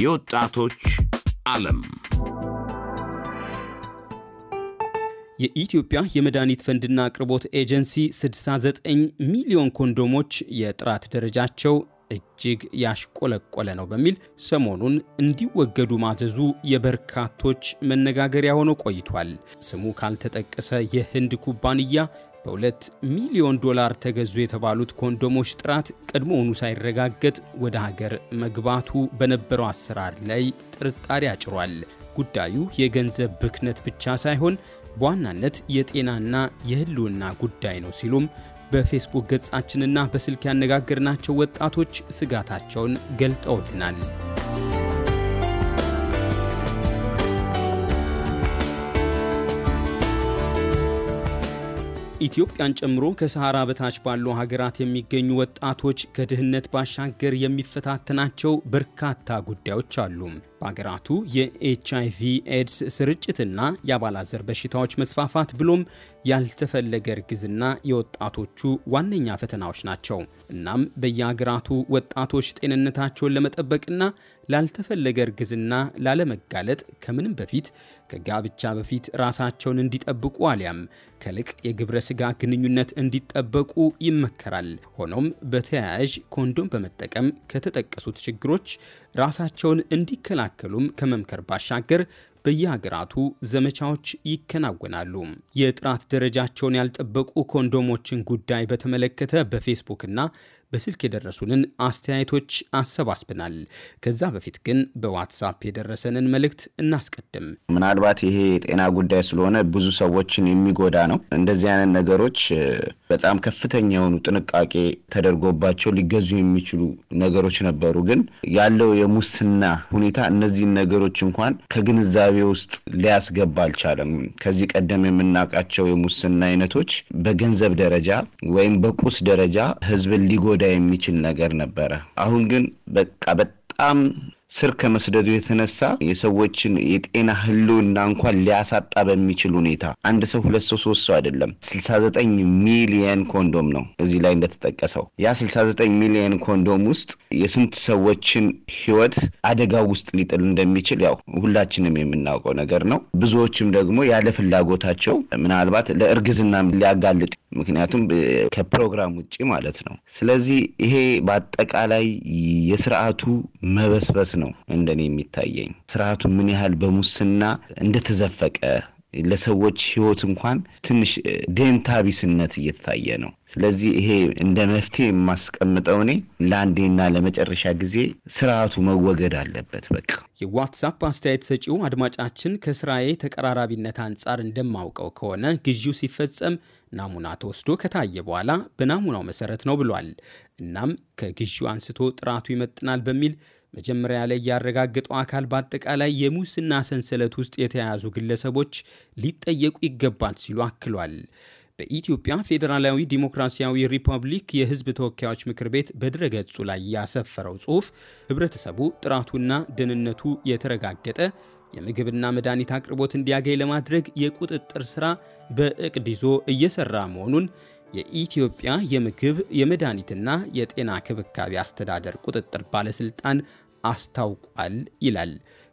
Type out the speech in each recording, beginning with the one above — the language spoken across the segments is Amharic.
የወጣቶች ዓለም የኢትዮጵያ የመድኃኒት ፈንድና አቅርቦት ኤጀንሲ 69 ሚሊዮን ኮንዶሞች የጥራት ደረጃቸው እጅግ ያሽቆለቆለ ነው በሚል ሰሞኑን እንዲወገዱ ማዘዙ የበርካቶች መነጋገሪያ ሆኖ ቆይቷል። ስሙ ካልተጠቀሰ የህንድ ኩባንያ በሁለት ሚሊዮን ዶላር ተገዙ የተባሉት ኮንዶሞች ጥራት ቀድሞውኑ ሳይረጋገጥ ወደ ሀገር መግባቱ በነበረው አሰራር ላይ ጥርጣሬ አጭሯል። ጉዳዩ የገንዘብ ብክነት ብቻ ሳይሆን በዋናነት የጤናና የህልውና ጉዳይ ነው ሲሉም በፌስቡክ ገጻችንና በስልክ ያነጋገርናቸው ወጣቶች ስጋታቸውን ገልጠውልናል። ኢትዮጵያን ጨምሮ ከሰሃራ በታች ባሉ ሀገራት የሚገኙ ወጣቶች ከድህነት ባሻገር የሚፈታተናቸው በርካታ ጉዳዮች አሉ። በሀገራቱ የኤች ኤድስ ስርጭትና የአባላዘር በሽታዎች መስፋፋት ብሎም ያልተፈለገ እርግዝና የወጣቶቹ ዋነኛ ፈተናዎች ናቸው። እናም በየሀገራቱ ወጣቶች ጤንነታቸውን ለመጠበቅና ላልተፈለገ እርግዝና ላለመጋለጥ ከምንም በፊት ከጋብቻ በፊት ራሳቸውን እንዲጠብቁ አሊያም ከልቅ የግብረ ስጋ ግንኙነት እንዲጠበቁ ይመከራል። ሆኖም በተያያዥ ኮንዶም በመጠቀም ከተጠቀሱት ችግሮች ራሳቸውን እንዲከላከሉም ከመምከር ባሻገር በየሀገራቱ ዘመቻዎች ይከናወናሉ። የጥራት ደረጃቸውን ያልጠበቁ ኮንዶሞችን ጉዳይ በተመለከተ በፌስቡክና በስልክ የደረሱንን አስተያየቶች አሰባስበናል። ከዛ በፊት ግን በዋትሳፕ የደረሰንን መልእክት እናስቀድም። ምናልባት ይሄ የጤና ጉዳይ ስለሆነ ብዙ ሰዎችን የሚጎዳ ነው። እንደዚህ አይነት ነገሮች በጣም ከፍተኛ የሆኑ ጥንቃቄ ተደርጎባቸው ሊገዙ የሚችሉ ነገሮች ነበሩ። ግን ያለው የሙስና ሁኔታ እነዚህን ነገሮች እንኳን ከግንዛቤ ውስጥ ሊያስገባ አልቻለም። ከዚህ ቀደም የምናውቃቸው የሙስና አይነቶች በገንዘብ ደረጃ ወይም በቁስ ደረጃ ህዝብን ሊጎዳ ሊጎዳ የሚችል ነገር ነበረ። አሁን ግን በቃ በጣም ስር ከመስደዱ የተነሳ የሰዎችን የጤና ህልውና እንኳን ሊያሳጣ በሚችል ሁኔታ አንድ ሰው ሁለት ሰው ሶስት ሰው አይደለም፣ ስልሳ ዘጠኝ ሚሊየን ኮንዶም ነው እዚህ ላይ እንደተጠቀሰው። ያ ስልሳ ዘጠኝ ሚሊየን ኮንዶም ውስጥ የስንት ሰዎችን ህይወት አደጋ ውስጥ ሊጥል እንደሚችል ያው ሁላችንም የምናውቀው ነገር ነው። ብዙዎችም ደግሞ ያለ ፍላጎታቸው ምናልባት ለእርግዝና ሊያጋልጥ ምክንያቱም ከፕሮግራም ውጭ ማለት ነው። ስለዚህ ይሄ በአጠቃላይ የስርዓቱ መበስበስ ነው። ነው እንደኔ የሚታየኝ። ስርዓቱ ምን ያህል በሙስና እንደተዘፈቀ ለሰዎች ህይወት እንኳን ትንሽ ደንታ ቢስነት እየተታየ ነው። ስለዚህ ይሄ እንደ መፍትሄ የማስቀምጠው እኔ ለአንዴና ለመጨረሻ ጊዜ ስርዓቱ መወገድ አለበት። በቃ የዋትሳፕ አስተያየት ሰጪው አድማጫችን ከስራዬ ተቀራራቢነት አንጻር እንደማውቀው ከሆነ ግዢው ሲፈጸም ናሙና ተወስዶ ከታየ በኋላ በናሙናው መሰረት ነው ብሏል። እናም ከግዢው አንስቶ ጥራቱ ይመጥናል በሚል መጀመሪያ ላይ ያረጋገጠው አካል በአጠቃላይ የሙስና ሰንሰለት ውስጥ የተያያዙ ግለሰቦች ሊጠየቁ ይገባል ሲሉ አክሏል። በኢትዮጵያ ፌዴራላዊ ዲሞክራሲያዊ ሪፐብሊክ የሕዝብ ተወካዮች ምክር ቤት በድረገጹ ላይ ያሰፈረው ጽሑፍ ሕብረተሰቡ ጥራቱና ደህንነቱ የተረጋገጠ የምግብና መድኃኒት አቅርቦት እንዲያገኝ ለማድረግ የቁጥጥር ሥራ በእቅድ ይዞ እየሰራ መሆኑን የኢትዮጵያ የምግብ የመድኃኒትና የጤና ክብካቤ አስተዳደር ቁጥጥር ባለስልጣን አስታውቋል ይላል።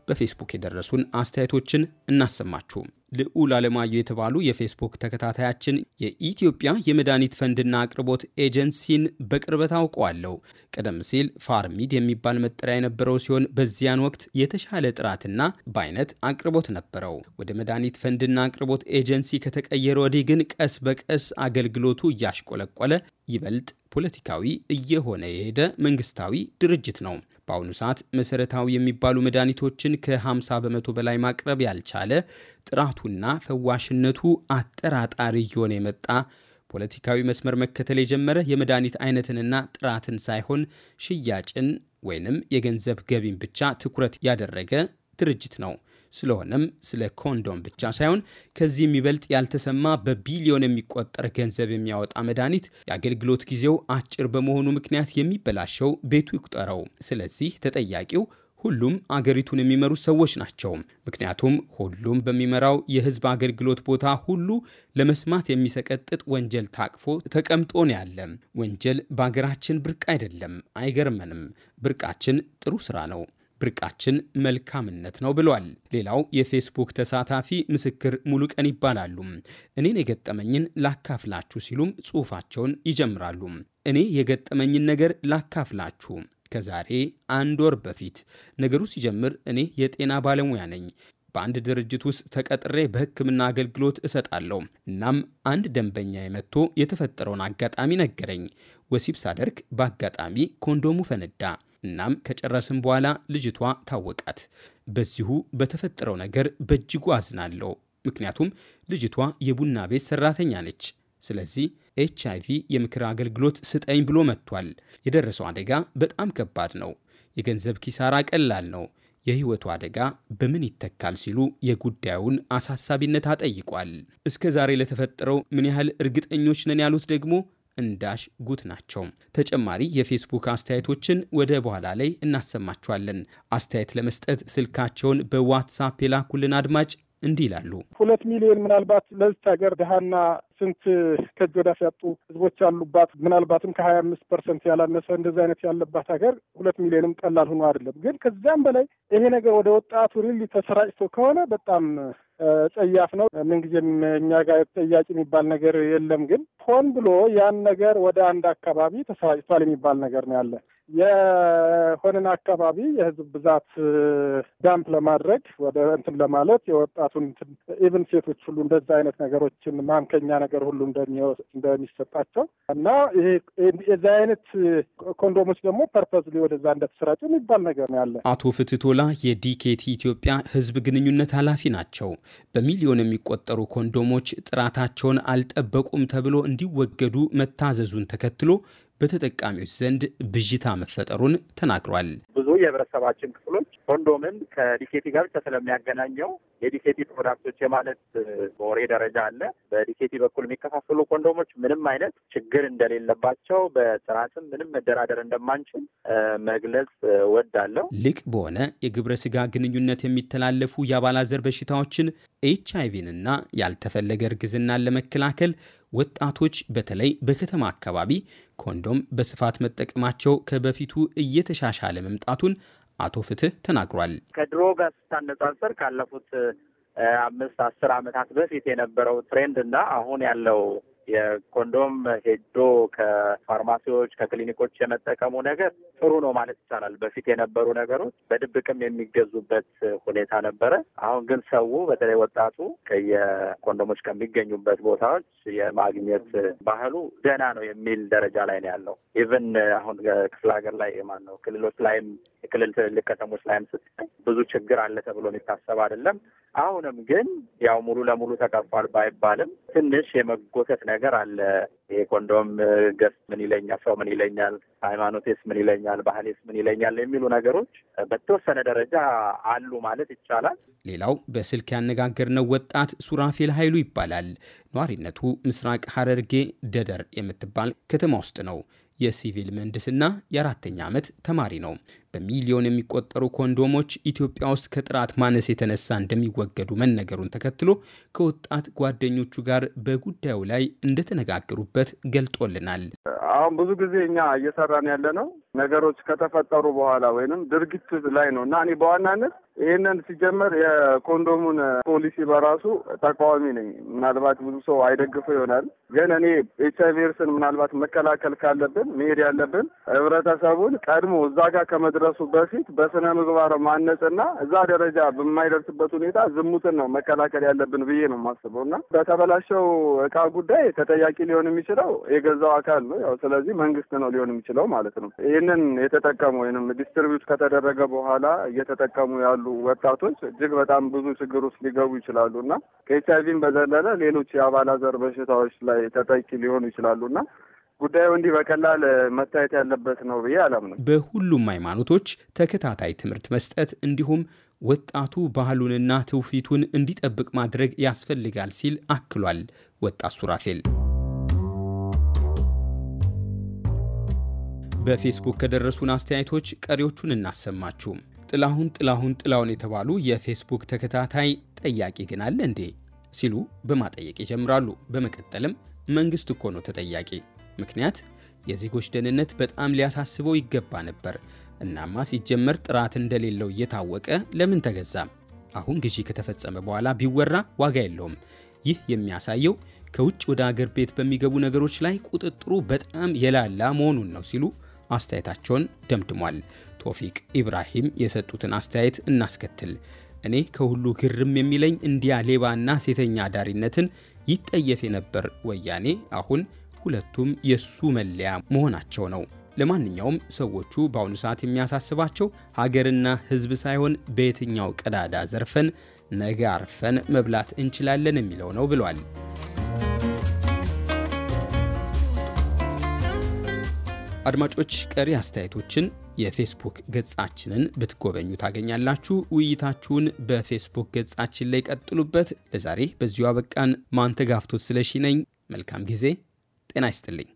በፌስቡክ የደረሱን አስተያየቶችን እናሰማችሁም። ልዑል አለማየሁ የተባሉ የፌስቡክ ተከታታያችን የኢትዮጵያ የመድኃኒት ፈንድና አቅርቦት ኤጀንሲን በቅርበት አውቀዋለሁ። ቀደም ሲል ፋርሚድ የሚባል መጠሪያ የነበረው ሲሆን በዚያን ወቅት የተሻለ ጥራትና በአይነት አቅርቦት ነበረው። ወደ መድኃኒት ፈንድና አቅርቦት ኤጀንሲ ከተቀየረ ወዲህ ግን ቀስ በቀስ አገልግሎቱ እያሽቆለቆለ ይበልጥ ፖለቲካዊ እየሆነ የሄደ መንግስታዊ ድርጅት ነው። በአሁኑ ሰዓት መሰረታዊ የሚባሉ መድኃኒቶችን ከ50 በመቶ በላይ ማቅረብ ያልቻለ ጥራቱና ፈዋሽነቱ አጠራጣሪ እየሆነ የመጣ ፖለቲካዊ መስመር መከተል የጀመረ የመድኃኒት አይነትንና ጥራትን ሳይሆን ሽያጭን ወይንም የገንዘብ ገቢን ብቻ ትኩረት ያደረገ ድርጅት ነው። ስለሆነም ስለ ኮንዶም ብቻ ሳይሆን ከዚህ የሚበልጥ ያልተሰማ በቢሊዮን የሚቆጠር ገንዘብ የሚያወጣ መድኃኒት የአገልግሎት ጊዜው አጭር በመሆኑ ምክንያት የሚበላሸው ቤቱ ይቁጠረው። ስለዚህ ተጠያቂው ሁሉም አገሪቱን የሚመሩ ሰዎች ናቸው። ምክንያቱም ሁሉም በሚመራው የህዝብ አገልግሎት ቦታ ሁሉ ለመስማት የሚሰቀጥጥ ወንጀል ታቅፎ ተቀምጦ ነው ያለ። ወንጀል በአገራችን ብርቅ አይደለም፣ አይገርመንም። ብርቃችን ጥሩ ስራ ነው። ብርቃችን መልካምነት ነው ብሏል። ሌላው የፌስቡክ ተሳታፊ ምስክር ሙሉቀን ይባላሉ። እኔን የገጠመኝን ላካፍላችሁ ሲሉም ጽሑፋቸውን ይጀምራሉ። እኔ የገጠመኝን ነገር ላካፍላችሁ። ከዛሬ አንድ ወር በፊት ነገሩ ሲጀምር እኔ የጤና ባለሙያ ነኝ። በአንድ ድርጅት ውስጥ ተቀጥሬ በሕክምና አገልግሎት እሰጣለሁ። እናም አንድ ደንበኛ የመጥቶ የተፈጠረውን አጋጣሚ ነገረኝ። ወሲብ ሳደርግ በአጋጣሚ ኮንዶሙ ፈነዳ። እናም ከጨረስን በኋላ ልጅቷ ታወቃት። በዚሁ በተፈጠረው ነገር በእጅጉ አዝናለሁ። ምክንያቱም ልጅቷ የቡና ቤት ሰራተኛ ነች። ስለዚህ ኤች አይቪ የምክር አገልግሎት ስጠኝ ብሎ መጥቷል። የደረሰው አደጋ በጣም ከባድ ነው። የገንዘብ ኪሳራ ቀላል ነው። የህይወቱ አደጋ በምን ይተካል ሲሉ የጉዳዩን አሳሳቢነት አጠይቋል። እስከ ዛሬ ለተፈጠረው ምን ያህል እርግጠኞች ነን ያሉት ደግሞ እንዳሽ ጉት ናቸው። ተጨማሪ የፌስቡክ አስተያየቶችን ወደ በኋላ ላይ እናሰማችኋለን። አስተያየት ለመስጠት ስልካቸውን በዋትሳፕ የላኩልን አድማጭ እንዲህ ይላሉ። ሁለት ሚሊዮን ምናልባት ለዚች ሀገር ድሃና ስንት ከእጅ ወዳፍ ያጡ ህዝቦች ያሉባት ምናልባትም ከሀያ አምስት ፐርሰንት ያላነሰ እንደዚህ አይነት ያለባት ሀገር ሁለት ሚሊዮንም ቀላል ሆኖ አይደለም። ግን ከዚያም በላይ ይሄ ነገር ወደ ወጣቱ ሪሊ ተሰራጭቶ ከሆነ በጣም ጸያፍ ነው። ምንጊዜም እኛ ጋር ጠያቂ የሚባል ነገር የለም። ግን ሆን ብሎ ያን ነገር ወደ አንድ አካባቢ ተሰራጭቷል የሚባል ነገር ነው ያለ የሆነን አካባቢ የህዝብ ብዛት ዳምፕ ለማድረግ ወደ እንትን ለማለት የወጣቱን ኢቭን ሴቶች ሁሉ እንደዛ አይነት ነገሮችን ማምከኛ ነገር ሁሉ እንደሚሰጣቸው እና ይሄ የዚ አይነት ኮንዶሞች ደግሞ ፐርፐዝ ወደዛ እንደተሰራጩ የሚባል ነገር ነው ያለ። አቶ ፍትቶላ የዲኬቲ ኢትዮጵያ ህዝብ ግንኙነት ኃላፊ ናቸው። በሚሊዮን የሚቆጠሩ ኮንዶሞች ጥራታቸውን አልጠበቁም ተብሎ እንዲወገዱ መታዘዙን ተከትሎ በተጠቃሚዎች ዘንድ ብዥታ መፈጠሩን ተናግሯል። ብዙ የህብረተሰባችን ክፍሎች ኮንዶምን ከዲኬቲ ጋር ብቻ ስለሚያገናኘው የዲኬቲ ፕሮዳክቶች የማለት በወሬ ደረጃ አለ። በዲኬቲ በኩል የሚከፋፈሉ ኮንዶሞች ምንም አይነት ችግር እንደሌለባቸው በጥራትም ምንም መደራደር እንደማንችል መግለጽ ወዳለው ልቅ በሆነ የግብረ ስጋ ግንኙነት የሚተላለፉ የአባላዘር በሽታዎችን ኤች አይቪንና ያልተፈለገ እርግዝናን ለመከላከል ወጣቶች በተለይ በከተማ አካባቢ ኮንዶም በስፋት መጠቀማቸው ከበፊቱ እየተሻሻለ መምጣቱን አቶ ፍትህ ተናግሯል። ከድሮ ጋር ስታነጻጽር ካለፉት አምስት አስር ዓመታት በፊት የነበረው ትሬንድ እና አሁን ያለው የኮንዶም ሄዶ ከፋርማሲዎች ከክሊኒኮች የመጠቀሙ ነገር ጥሩ ነው ማለት ይቻላል። በፊት የነበሩ ነገሮች በድብቅም የሚገዙበት ሁኔታ ነበረ። አሁን ግን ሰው በተለይ ወጣቱ ከየኮንዶሞች ከሚገኙበት ቦታዎች የማግኘት ባህሉ ደህና ነው የሚል ደረጃ ላይ ነው ያለው። ኢቨን አሁን ክፍለ ሀገር ላይ ማን ነው ክልሎች ላይም ክልል ትልልቅ ከተሞች ላይም ስታይ ብዙ ችግር አለ ተብሎ የሚታሰብ አይደለም። አሁንም ግን ያው ሙሉ ለሙሉ ተቀርፏል ባይባልም ትንሽ የመጎተት ነገር ነገር አለ። ይሄ ኮንዶም ገስ ምን ይለኛል፣ ሰው ምን ይለኛል፣ ሃይማኖቴስ ምን ይለኛል፣ ባህሌስ ምን ይለኛል የሚሉ ነገሮች በተወሰነ ደረጃ አሉ ማለት ይቻላል። ሌላው በስልክ ያነጋገርነው ወጣት ሱራፌል ኃይሉ ይባላል። ነዋሪነቱ ምስራቅ ሐረርጌ ደደር የምትባል ከተማ ውስጥ ነው። የሲቪል ምህንድስና የአራተኛ ዓመት ተማሪ ነው። በሚሊዮን የሚቆጠሩ ኮንዶሞች ኢትዮጵያ ውስጥ ከጥራት ማነስ የተነሳ እንደሚወገዱ መነገሩን ተከትሎ ከወጣት ጓደኞቹ ጋር በጉዳዩ ላይ እንደተነጋገሩበት ገልጦልናል። አሁን ብዙ ጊዜ እኛ እየሰራን ያለ ነው ነገሮች ከተፈጠሩ በኋላ ወይንም ድርጊት ላይ ነው እና እኔ በዋናነት ይህንን ሲጀመር የኮንዶሙን ፖሊሲ በራሱ ተቃዋሚ ነኝ። ምናልባት ብዙ ሰው አይደግፈው ይሆናል፣ ግን እኔ ኤች ኤድስን ምናልባት መከላከል ካለብን መሄድ ያለብን ህብረተሰቡን ቀድሞ እዛ ጋር ከመድ ከመድረሱ በፊት በስነ ምግባር ማነጽና እዛ ደረጃ በማይደርስበት ሁኔታ ዝሙትን ነው መከላከል ያለብን ብዬ ነው የማስበው እና በተበላሸው እቃ ጉዳይ ተጠያቂ ሊሆን የሚችለው የገዛው አካል ነው። ያው ስለዚህ መንግስት ነው ሊሆን የሚችለው ማለት ነው። ይህንን የተጠቀሙ ወይም ዲስትሪቢዩት ከተደረገ በኋላ እየተጠቀሙ ያሉ ወጣቶች እጅግ በጣም ብዙ ችግር ውስጥ ሊገቡ ይችላሉ እና ከኤች አይቪን በዘለለ ሌሎች የአባላዘር በሽታዎች ላይ ተጠቂ ሊሆኑ ይችላሉ እና ጉዳዩ እንዲህ በቀላል መታየት ያለበት ነው ብዬ አላምንም። በሁሉም ሃይማኖቶች ተከታታይ ትምህርት መስጠት እንዲሁም ወጣቱ ባህሉንና ትውፊቱን እንዲጠብቅ ማድረግ ያስፈልጋል ሲል አክሏል ወጣት ሱራፌል። በፌስቡክ ከደረሱን አስተያየቶች ቀሪዎቹን እናሰማችሁም። ጥላሁን ጥላሁን ጥላሁን የተባሉ የፌስቡክ ተከታታይ ጠያቂ ግን አለ እንዴ ሲሉ በማጠየቅ ይጀምራሉ። በመቀጠልም መንግስት እኮ ነው ተጠያቂ ምክንያት የዜጎች ደህንነት በጣም ሊያሳስበው ይገባ ነበር። እናማ ሲጀመር ጥራት እንደሌለው እየታወቀ ለምን ተገዛ? አሁን ግዢ ከተፈጸመ በኋላ ቢወራ ዋጋ የለውም። ይህ የሚያሳየው ከውጭ ወደ አገር ቤት በሚገቡ ነገሮች ላይ ቁጥጥሩ በጣም የላላ መሆኑን ነው ሲሉ አስተያየታቸውን ደምድሟል። ቶፊቅ ኢብራሂም የሰጡትን አስተያየት እናስከትል። እኔ ከሁሉ ግርም የሚለኝ እንዲያ ሌባና ሴተኛ አዳሪነትን ይጠየፍ የነበር ወያኔ አሁን ሁለቱም የሱ መለያ መሆናቸው ነው። ለማንኛውም ሰዎቹ በአሁኑ ሰዓት የሚያሳስባቸው ሀገርና ሕዝብ ሳይሆን በየትኛው ቀዳዳ ዘርፈን ነገ አርፈን መብላት እንችላለን የሚለው ነው ብሏል። አድማጮች ቀሪ አስተያየቶችን የፌስቡክ ገጻችንን ብትጎበኙ ታገኛላችሁ። ውይይታችሁን በፌስቡክ ገጻችን ላይ ቀጥሉበት። ለዛሬ በዚሁ አበቃን። ማንተጋፍቶት ስለሺ ነኝ። መልካም ጊዜ። ጤና ይስጥልኝ።